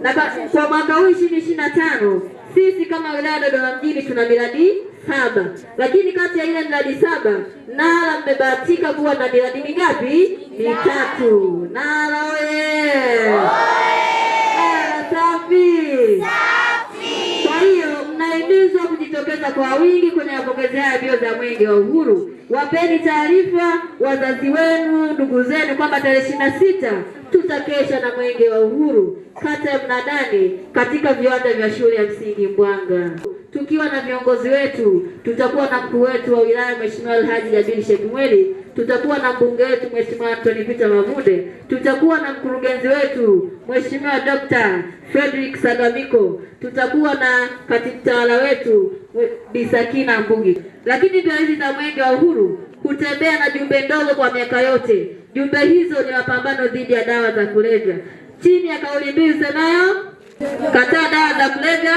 Na kwa mwaka huu ishirini na tano sisi kama wilaya ya Dodoma mjini tuna miradi saba, lakini kati ya ile miradi saba Nala mmebahatika kuwa na miradi mingapi? Mitatu. Nala oye! Nala safi! Kwa hiyo mnahimizwa kujitokeza kwa wingi kwenye mapokezi haya mbio za mwenge wa uhuru. Wapeni taarifa wazazi wenu, ndugu zenu, kwamba tarehe ishirini na sita tutakesha na mwenge wa uhuru kata ya Mnadani katika viwanja vya shule ya msingi Mbwanga tukiwa na viongozi wetu. Tutakuwa na mkuu wetu wa wilaya Mheshimiwa Alhaji Jabiri Sheikh Mweli, tutakuwa na mbunge wetu Mheshimiwa Anthony Peter Mavunde, tutakuwa na mkurugenzi wetu Mheshimiwa Dr. Frederick Sadamiko, tutakuwa na katibu tawala wetu Bisakina Mbugi. Lakini mbio hizi za mwenge wa uhuru hutembea na jumbe ndogo kwa miaka yote. Jumbe hizo ni mapambano dhidi ya dawa za kulevya chini ya kauli mbiu semayo kataa dawa za kulevya,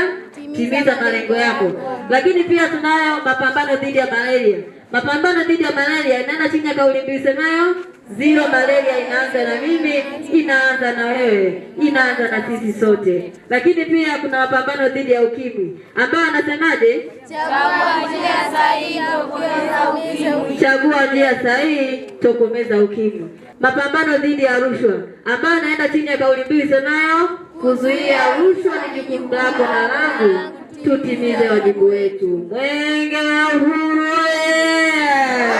timiza malengo yako. Lakini pia tunayo mapambano dhidi ya malaria. Mapambano dhidi ya malaria inaenda chini ya kauli mbiu semayo zero malaria. Inaanza na mimi, inaanza na wewe, inaanza na sisi sote. Lakini pia kuna mapambano dhidi ya ukimwi ambayo anasemaje? Chagua njia sahihi tokomeza ukimwi, chagua njia sahihi tokomeza ukimwi. Mapambano dhidi ya rushwa ambayo anaenda chini ya kauli mbiu semayo kuzuia rushwa ni jukumu lako na langu, tutimize wajibu wetu. Mwenge wa Uhuru!